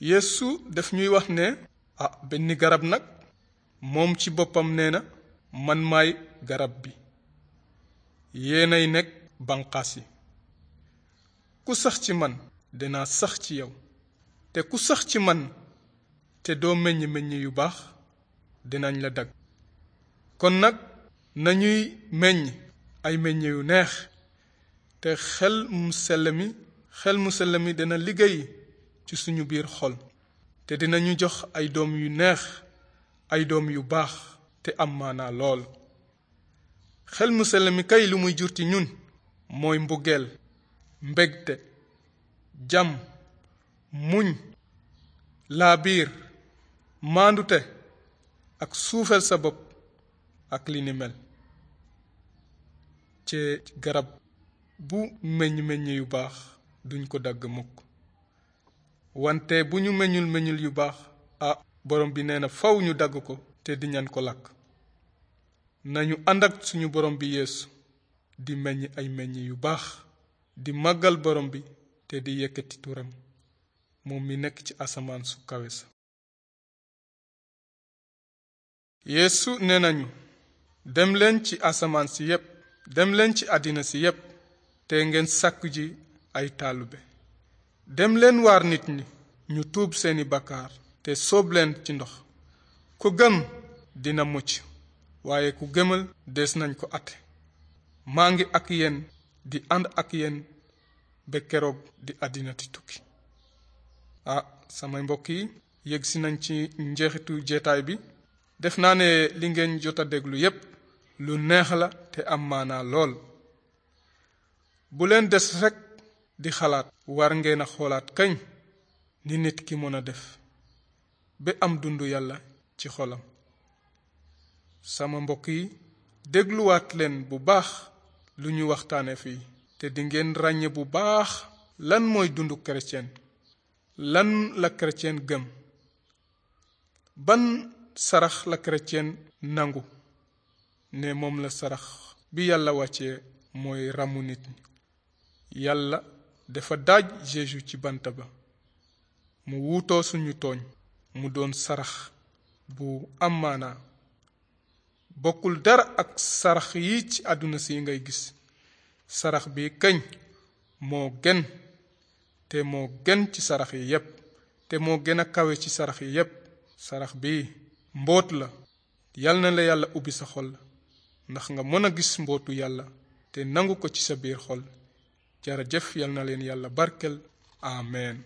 yéesu def ñuy wax ne ah benn garab nag moom ci boppam nee na man maay garab bi yéenay nekk banqaas yi ku sax ci man dinaa sax ci yow te ku sax ci man te doo meññ meññ yu baax dinañ la dagg kon nag nañuy meññ ay meññ yu neex te xel mu sell mi xel mu sell mi dina liggéey ci suñu biir xol te dinañu jox ay doom yu neex ay doom yu baax te am maana lool xel mu sell mi kay lu muy jur ci ñun mooy mbugeel mbégte jàmm muñ laabiir maandute ak suufeel sa bopp ak li ni ci garab bu meññ meññ yu baax duñ ko dagg mukk wante bu ñu meñul meñul yu baax a borom bi nee na faw ñu dagg ko te di ñan ko lakk nañu ànd ak suñu borom bi yeesu di meññ ay meññ yu baax di màggal borom bi te di yëkkati turam moom mi nekk ci asamaan su kawe nañu dem si yépp dem leen ci àddina si yépp te ngeen sàkku ji ay taalube dem leen waar nit ñi ñu tuub seeni bakkaar te sóob leen ci ndox ku gën dina mucc waaye ku gëmal des nañ ko àtte maa ngi ak yéen di ànd ak yéen ba keroog di àddina ti tukki ah sama mbokki yi yëg si nañ ci njeexitu jeetaay bi def naa ne li ngeen jot a déglu yépp lu neex la te am maanaa lool bu leen des rekk di xalaat war ngeen a xoolaat kañ ni nit ki mën a def bi am dundu yàlla ci xolam sama mbokk yi dégluwaat leen bu baax lu ñuy waxtaane fii te di ngeen ràññe bu baax lan mooy dundu chrétien lan la chrétien gëm ban sarax la chrétien nangu ne moom la sarax bi yàlla wàccee mooy ramu nit ñi yàlla dafa daj Jésus ci bant ba mu wuutoo suñu tooñ mu doon sarax bu am maanaa bokkul dara ak sarax yi ci àdduna si ngay gis sarax bi kañ moo gën te moo gën ci sarax yi yépp te moo gën a kawe ci sarax yi yépp sarax bi mboot la yal na la yàlla ubbi sa xol ndax nga mën a gis mbootu yàlla te nangu ko ci sa biir xol cere jërëjëf yal na leen yàlla barkel amen